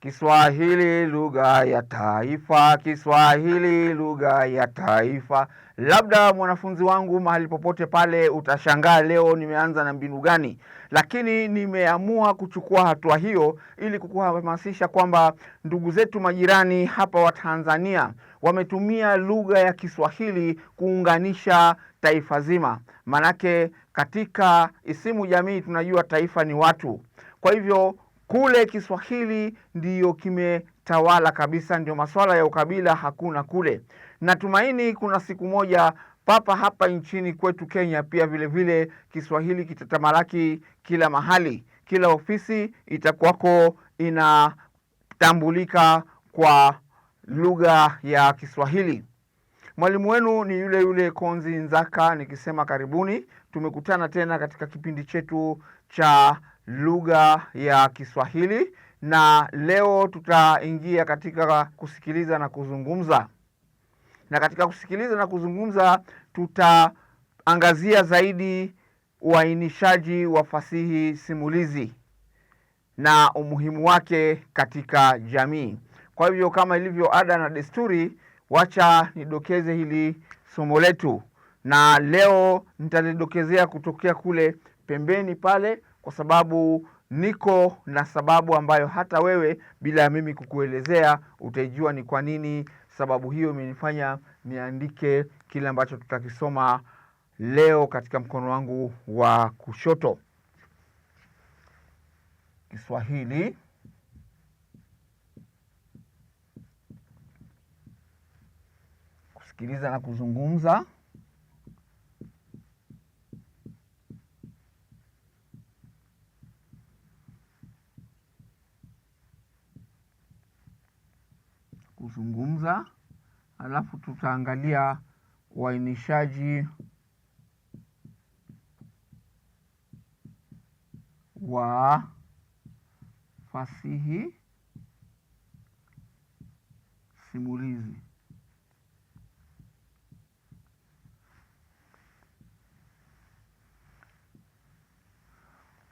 Kiswahili lugha ya taifa, Kiswahili lugha ya taifa. Labda mwanafunzi wangu, mahali popote pale, utashangaa leo nimeanza na mbinu gani, lakini nimeamua kuchukua hatua hiyo ili kukuhamasisha kwamba ndugu zetu majirani hapa wa Tanzania wametumia lugha ya Kiswahili kuunganisha taifa zima, manake katika isimu jamii tunajua taifa ni watu, kwa hivyo kule Kiswahili ndiyo kimetawala kabisa, ndio masuala ya ukabila hakuna kule. Natumaini kuna siku moja papa hapa nchini kwetu Kenya pia vilevile vile Kiswahili kitatamalaki kila mahali, kila ofisi itakuwako inatambulika kwa lugha ya Kiswahili. Mwalimu wenu ni yule yule Konzi Nzaka, nikisema karibuni tumekutana tena katika kipindi chetu cha lugha ya Kiswahili na leo tutaingia katika kusikiliza na kuzungumza. Na katika kusikiliza na kuzungumza tutaangazia zaidi uainishaji wa fasihi simulizi na umuhimu wake katika jamii. Kwa hivyo, kama ilivyo ada na desturi, wacha nidokeze hili somo letu na leo nitalidokezea kutokea kule pembeni pale, kwa sababu niko na sababu ambayo hata wewe bila ya mimi kukuelezea utaijua ni kwa nini sababu hiyo imenifanya niandike kile ambacho tutakisoma leo katika mkono wangu wa kushoto. Kiswahili kusikiliza na kuzungumza. kuzungumza, alafu tutaangalia uainishaji wa fasihi simulizi.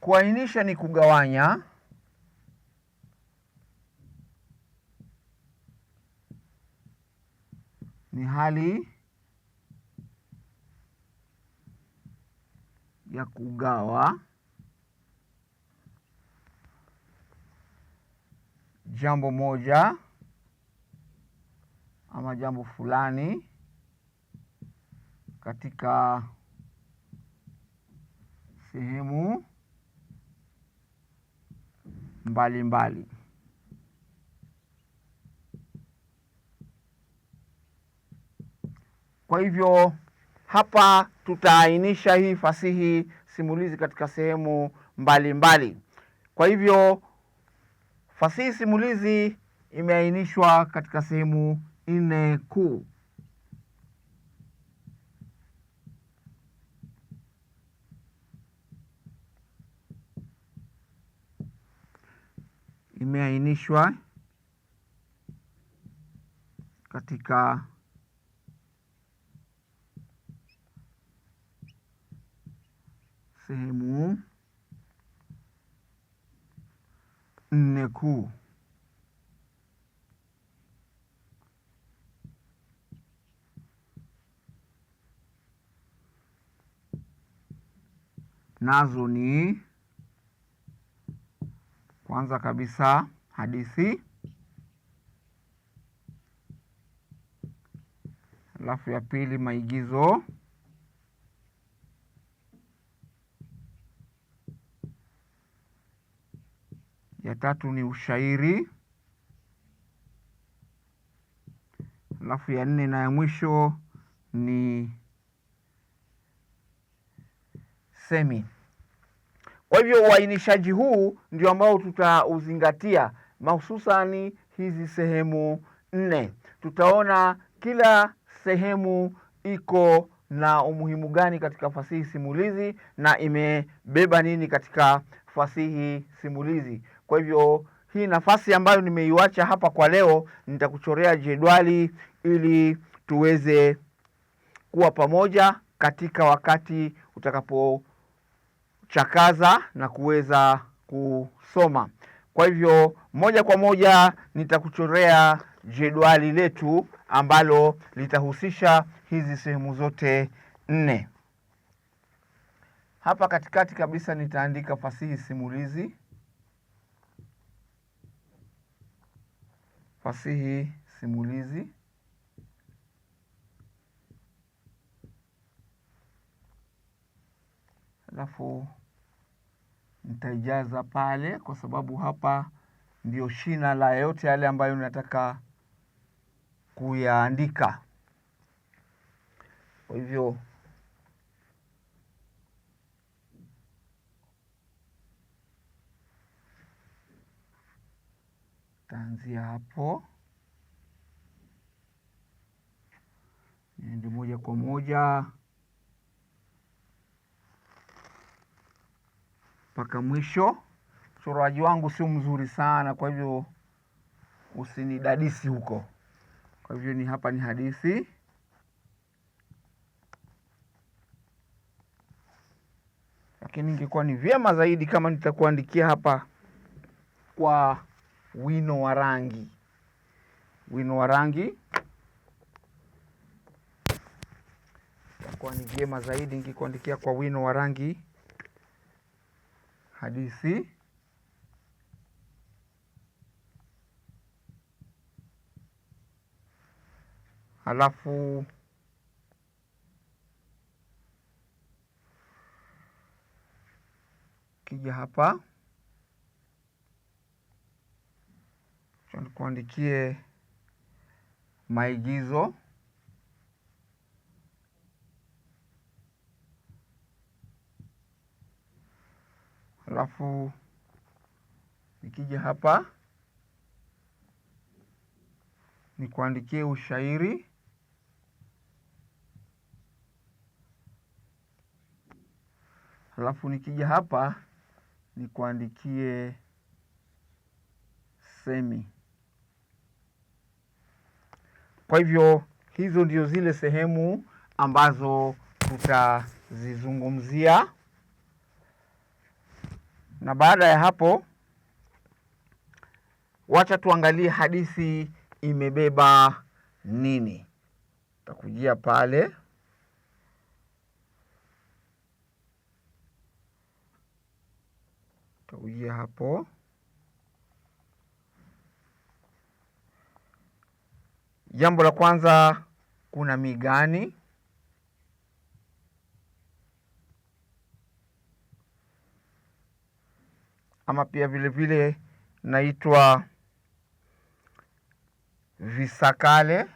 Kuainisha ni kugawanya hali ya kugawa jambo moja ama jambo fulani katika sehemu mbalimbali mbali. Kwa hivyo hapa tutaainisha hii fasihi simulizi katika sehemu mbalimbali mbali. Kwa hivyo fasihi simulizi imeainishwa katika sehemu nne kuu. Imeainishwa katika sehemu nne kuu. Nazo ni kwanza kabisa hadithi, alafu ya pili maigizo tatu ni ushairi, alafu ya nne na ya mwisho ni semi. Kwa hivyo uainishaji huu ndio ambao tutauzingatia, mahususani hizi sehemu nne. Tutaona kila sehemu iko na umuhimu gani katika fasihi simulizi na imebeba nini katika fasihi simulizi. Kwa hivyo hii nafasi ambayo nimeiwacha hapa kwa leo, nitakuchorea jedwali ili tuweze kuwa pamoja katika wakati utakapochakaza na kuweza kusoma. Kwa hivyo moja kwa moja nitakuchorea jedwali letu ambalo litahusisha hizi sehemu zote nne. Hapa katikati kabisa nitaandika fasihi simulizi. fasihi simulizi alafu nitaijaza pale, kwa sababu hapa ndio shina la yote yale ambayo nataka kuyaandika. Kwa hivyo taanzia hapo niende moja kwa moja mpaka mwisho. Uchoraji wangu sio mzuri sana, kwa hivyo usinidadisi huko. Kwa hivyo ni hapa ni hadithi lakini ingekuwa ni vyema zaidi kama nitakuandikia hapa kwa wino wa rangi. Wino wa rangi itakuwa ni vyema zaidi nikikuandikia kwa wino wa rangi hadithi halafu kija hapa kuandikie maigizo alafu nikija hapa nikuandikie ushairi alafu nikija hapa nikuandikie semi. Kwa hivyo hizo ndio zile sehemu ambazo tutazizungumzia, na baada ya hapo, wacha tuangalie hadithi imebeba nini. Takujia pale takujia hapo. Jambo la kwanza, kuna migani. Ama pia vile vile naitwa visakale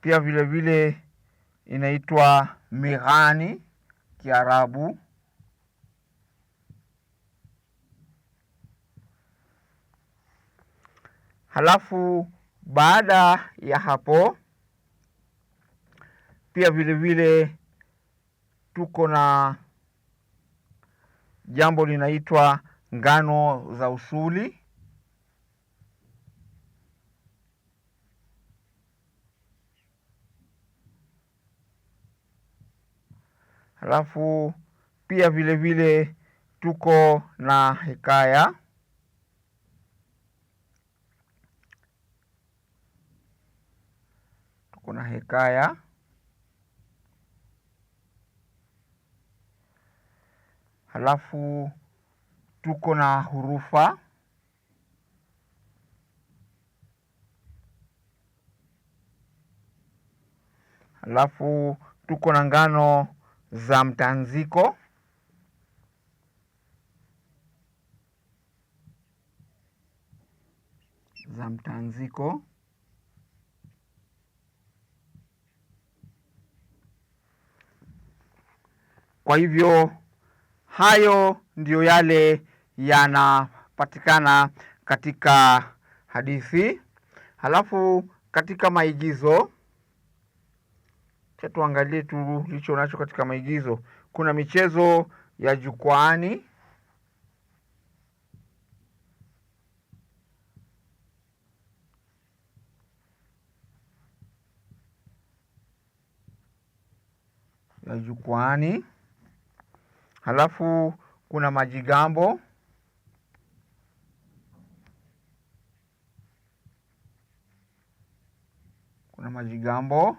pia vile vile inaitwa mirani Kiarabu. Halafu baada ya hapo pia vile vile tuko na jambo linaitwa ngano za usuli. Halafu pia vile vile tuko na hekaya kuna hekaya halafu tuko na hurufa halafu tuko na ngano za mtanziko za mtanziko Kwa hivyo hayo ndiyo yale yanapatikana katika hadithi. Halafu katika maigizo, cha tuangalie tu licho nacho katika maigizo. Kuna michezo ya jukwaani, ya jukwaani Halafu kuna majigambo kuna majigambo,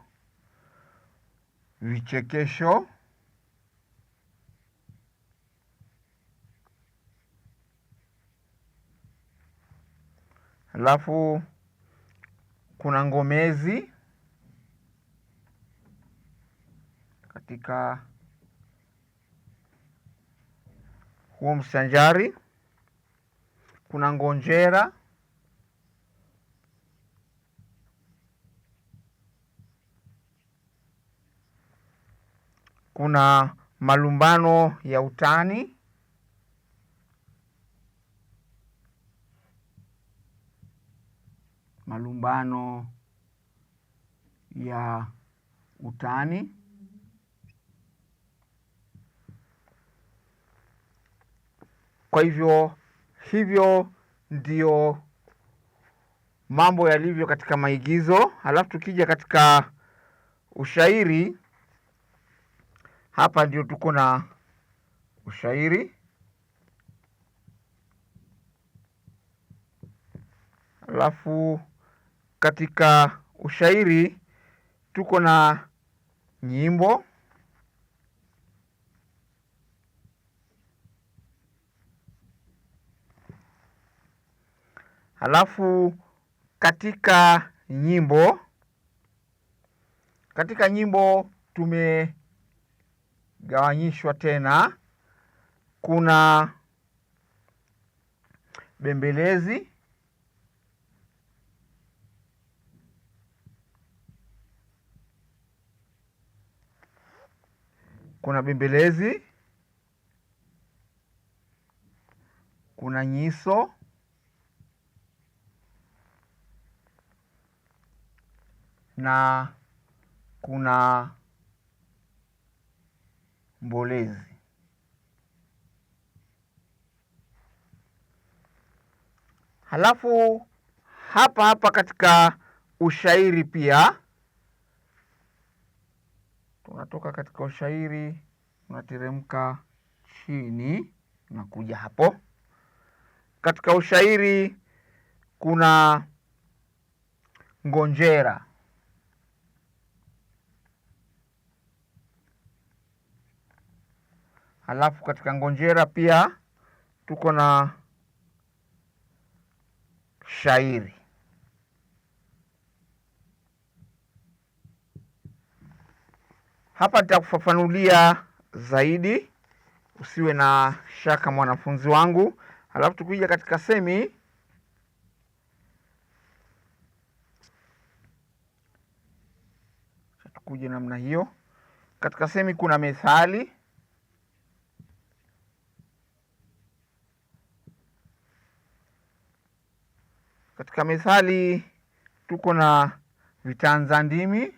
vichekesho, halafu kuna ngomezi katika huo msanjari, kuna ngonjera, kuna malumbano ya utani, malumbano ya utani Kwa hivyo hivyo ndio mambo yalivyo katika maigizo. Halafu tukija katika ushairi, hapa ndio tuko na ushairi. Halafu katika ushairi tuko na nyimbo Halafu katika nyimbo, katika nyimbo tumegawanyishwa tena, kuna bembelezi kuna bembelezi, kuna nyiso na kuna mbolezi. Halafu hapa hapa katika ushairi pia tunatoka katika ushairi, tunateremka chini, kuja hapo katika ushairi kuna ngonjera alafu katika ngonjera pia tuko na shairi. Hapa nitakufafanulia zaidi, usiwe na shaka mwanafunzi wangu. alafu tukija katika semi kuja namna hiyo. Katika semi kuna methali Katika methali tuko na vitanza ndimi,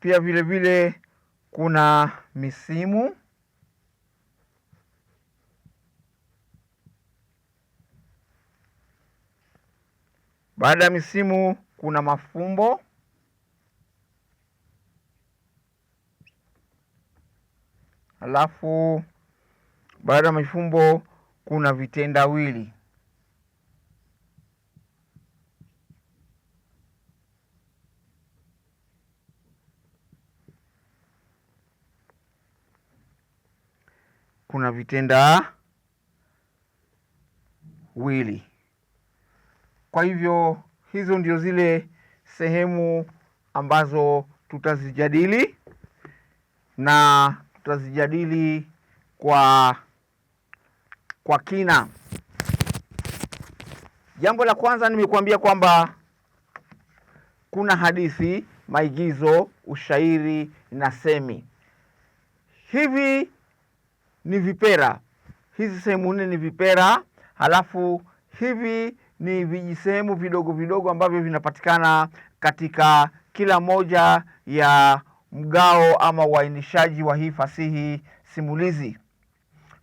pia vile vile kuna misimu Baada ya misimu kuna mafumbo. Alafu baada ya mifumbo kuna vitendawili. Kuna vitenda wili. Kwa hivyo hizo ndio zile sehemu ambazo tutazijadili na tutazijadili kwa kwa kina. Jambo la kwanza nimekuambia kwamba kuna hadithi, maigizo, ushairi na semi. Hivi ni vipera, hizi sehemu nne ni vipera, halafu hivi ni vijisehemu vidogo vidogo ambavyo vinapatikana katika kila moja ya mgao ama uainishaji wa hii fasihi simulizi.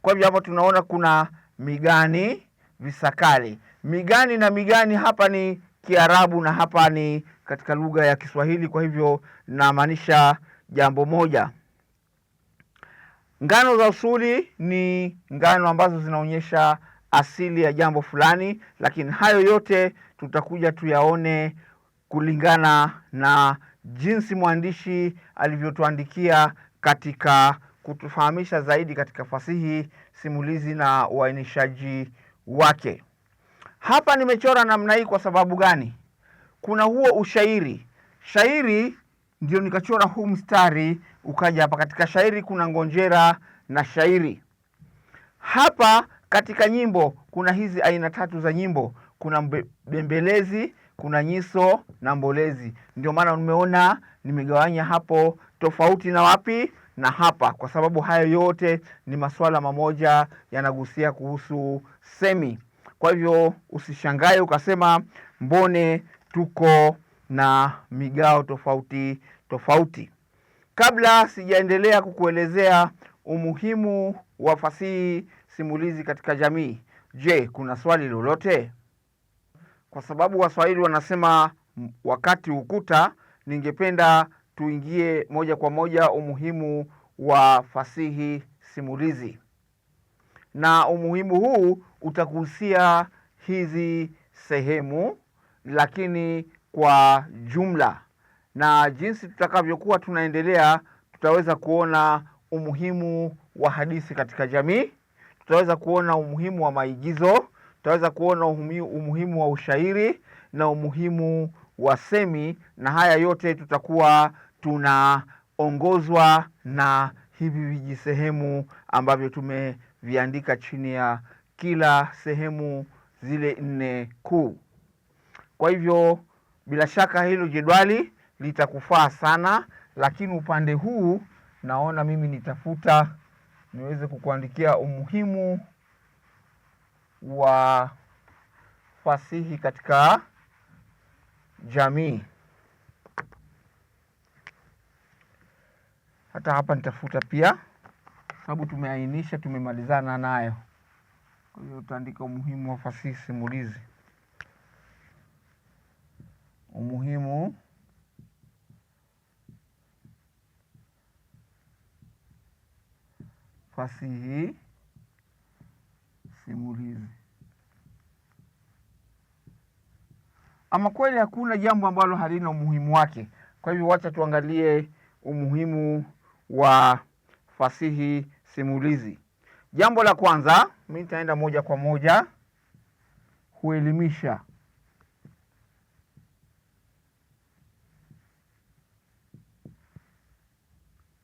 Kwa hivyo hapa tunaona kuna migani, visakali. Migani na migani hapa ni Kiarabu na hapa ni katika lugha ya Kiswahili, kwa hivyo namaanisha jambo moja. Ngano za usuli ni ngano ambazo zinaonyesha asili ya jambo fulani, lakini hayo yote tutakuja tuyaone kulingana na jinsi mwandishi alivyotuandikia katika kutufahamisha zaidi katika fasihi simulizi na uainishaji wake. Hapa nimechora namna hii kwa sababu gani? Kuna huo ushairi, shairi ndio nikachora huu mstari ukaja hapa. Katika shairi kuna ngonjera na shairi. Hapa katika nyimbo kuna hizi aina tatu za nyimbo: kuna mbe, kuna Nyiso na Mbolezi. Ndio maana umeona nimegawanya hapo, tofauti na wapi na hapa, kwa sababu hayo yote ni masuala mamoja yanagusia kuhusu semi. Kwa hivyo usishangae ukasema mbone tuko na migao tofauti tofauti. Kabla sijaendelea kukuelezea umuhimu wa fasihi simulizi katika jamii, je, kuna swali lolote? kwa sababu Waswahili wanasema wakati hukuta ningependa tuingie moja kwa moja umuhimu wa fasihi simulizi, na umuhimu huu utakuhusia hizi sehemu, lakini kwa jumla, na jinsi tutakavyokuwa tunaendelea, tutaweza kuona umuhimu wa hadithi katika jamii, tutaweza kuona umuhimu wa maigizo Utaweza kuona umuhimu wa ushairi na umuhimu wa semi, na haya yote tutakuwa tunaongozwa na hivi vijisehemu ambavyo tumeviandika chini ya kila sehemu zile nne kuu. Kwa hivyo bila shaka hilo jedwali litakufaa sana, lakini upande huu naona mimi nitafuta niweze kukuandikia umuhimu wa fasihi katika jamii. Hata hapa nitafuta pia, sababu tumeainisha, tumemalizana nayo. Kwa hiyo utaandika umuhimu wa fasihi simulizi, umuhimu fasihi simulizi. Ama kweli hakuna jambo ambalo halina umuhimu wake. Kwa hivyo, wacha tuangalie umuhimu wa fasihi simulizi. Jambo la kwanza, mi nitaenda moja kwa moja, huelimisha.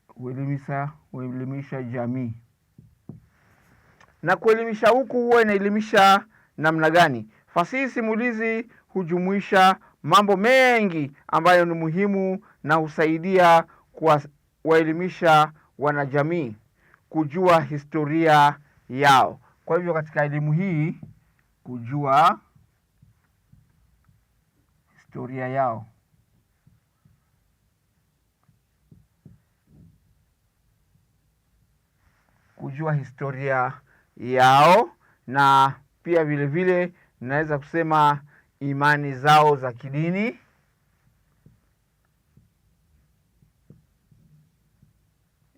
Huelimisha, huelimisha jamii na kuelimisha huku huwa inaelimisha namna gani? Fasihi simulizi hujumuisha mambo mengi ambayo ni muhimu na husaidia kuwaelimisha wanajamii kujua historia yao. Kwa hivyo katika elimu hii kujua historia yao kujua historia yao, na pia vile vile naweza kusema imani zao za kidini.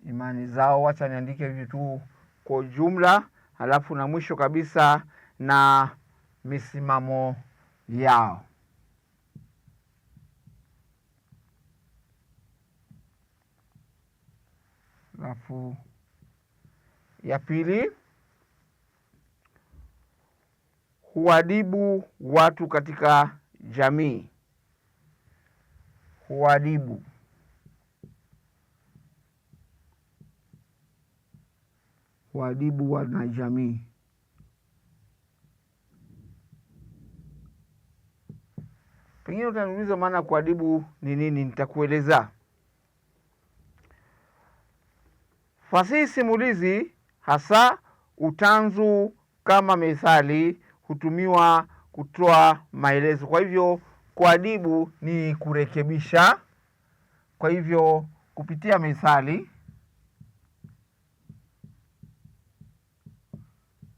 Imani zao, wacha niandike hivi tu kwa ujumla, halafu na mwisho kabisa na misimamo yao. Halafu ya pili huadibu watu katika jamii, huadibu huadibu wanajamii. Pengine utaniuliza maana kuadibu ni nini, nitakueleza. Fasihi simulizi, hasa utanzu kama methali hutumiwa kutoa maelezo. Kwa hivyo kuadibu ni kurekebisha. Kwa hivyo kupitia methali,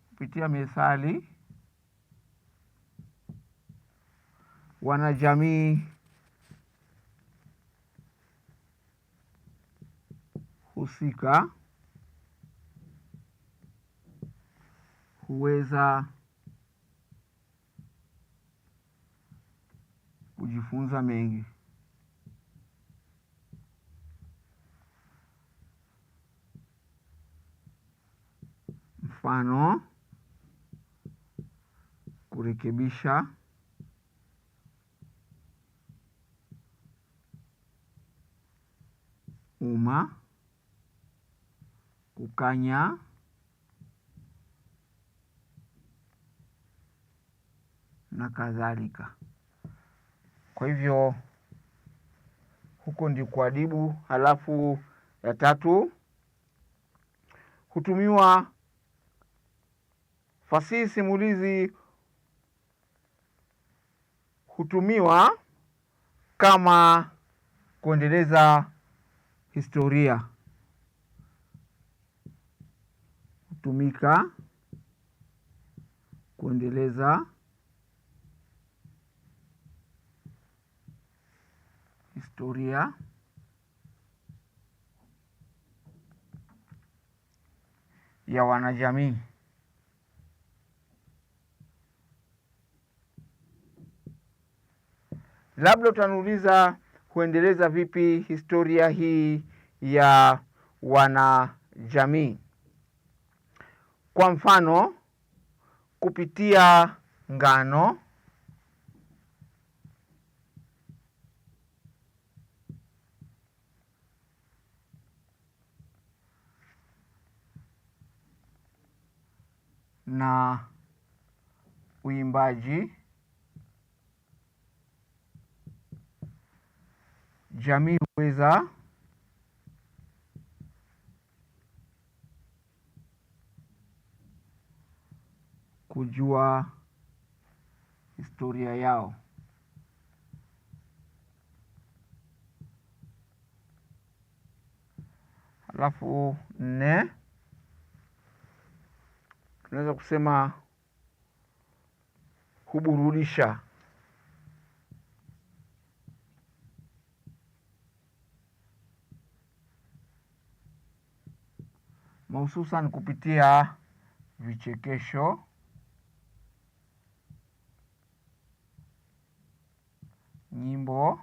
kupitia methali wanajamii husika huweza kujifunza mengi. Mfano, kurekebisha, uma, kukanya, na kadhalika. Kwa hivyo huko ndi kuadibu. Halafu ya tatu hutumiwa fasihi simulizi hutumiwa kama kuendeleza historia, hutumika kuendeleza Victoria ya wanajamii. Labda utaniuliza huendeleza vipi historia hii ya wanajamii? Kwa mfano, kupitia ngano na uimbaji, jamii huweza kujua historia yao. alafu nne tunaweza kusema huburudisha mahususan kupitia vichekesho nyimbo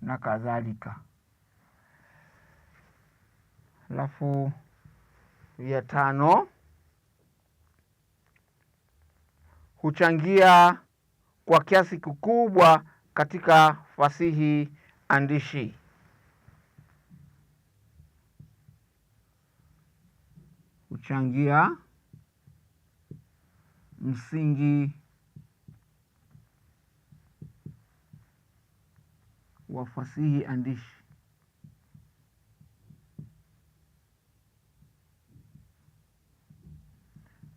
na kadhalika. Alafu ya tano huchangia kwa kiasi kikubwa katika fasihi andishi. Huchangia msingi wa fasihi andishi.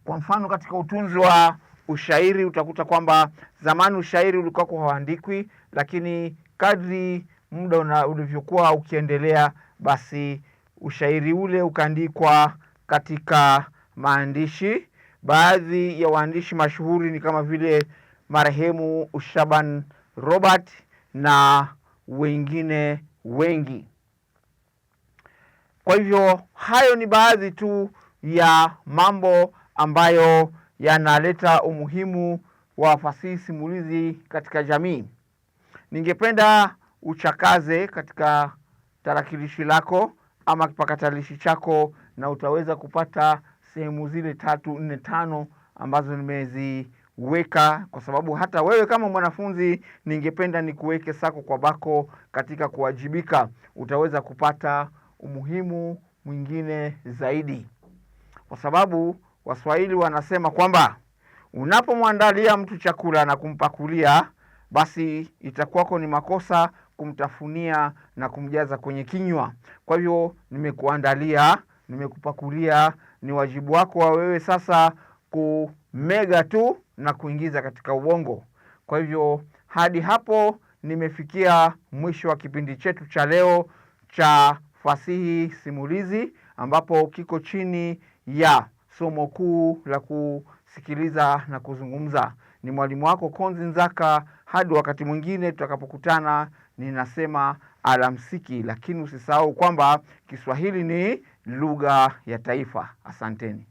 Kwa mfano katika utunzi wa ushairi utakuta kwamba zamani ushairi ulikuwa hauandikwi, lakini kadri muda ulivyokuwa ukiendelea, basi ushairi ule ukaandikwa katika maandishi. Baadhi ya waandishi mashuhuri ni kama vile marehemu Shaban Robert na wengine wengi. Kwa hivyo hayo ni baadhi tu ya mambo ambayo yanaleta umuhimu wa fasihi simulizi katika jamii. Ningependa uchakaze katika tarakilishi lako ama kipakatalishi chako, na utaweza kupata sehemu zile tatu, nne, tano ambazo nimeziweka, kwa sababu hata wewe kama mwanafunzi ningependa nikuweke sako kwa bako katika kuwajibika. Utaweza kupata umuhimu mwingine zaidi, kwa sababu Waswahili wanasema kwamba unapomwandalia mtu chakula na kumpakulia, basi itakuwako ni makosa kumtafunia na kumjaza kwenye kinywa. Kwa hivyo nimekuandalia, nimekupakulia, ni wajibu wako wa wewe sasa kumega tu na kuingiza katika ubongo. Kwa hivyo hadi hapo nimefikia mwisho wa kipindi chetu cha leo cha fasihi simulizi, ambapo kiko chini ya somo kuu la kusikiliza na kuzungumza. Ni mwalimu wako Konzi Nzaka. Hadi wakati mwingine tutakapokutana, ninasema alamsiki, lakini usisahau kwamba Kiswahili ni lugha ya taifa. Asanteni.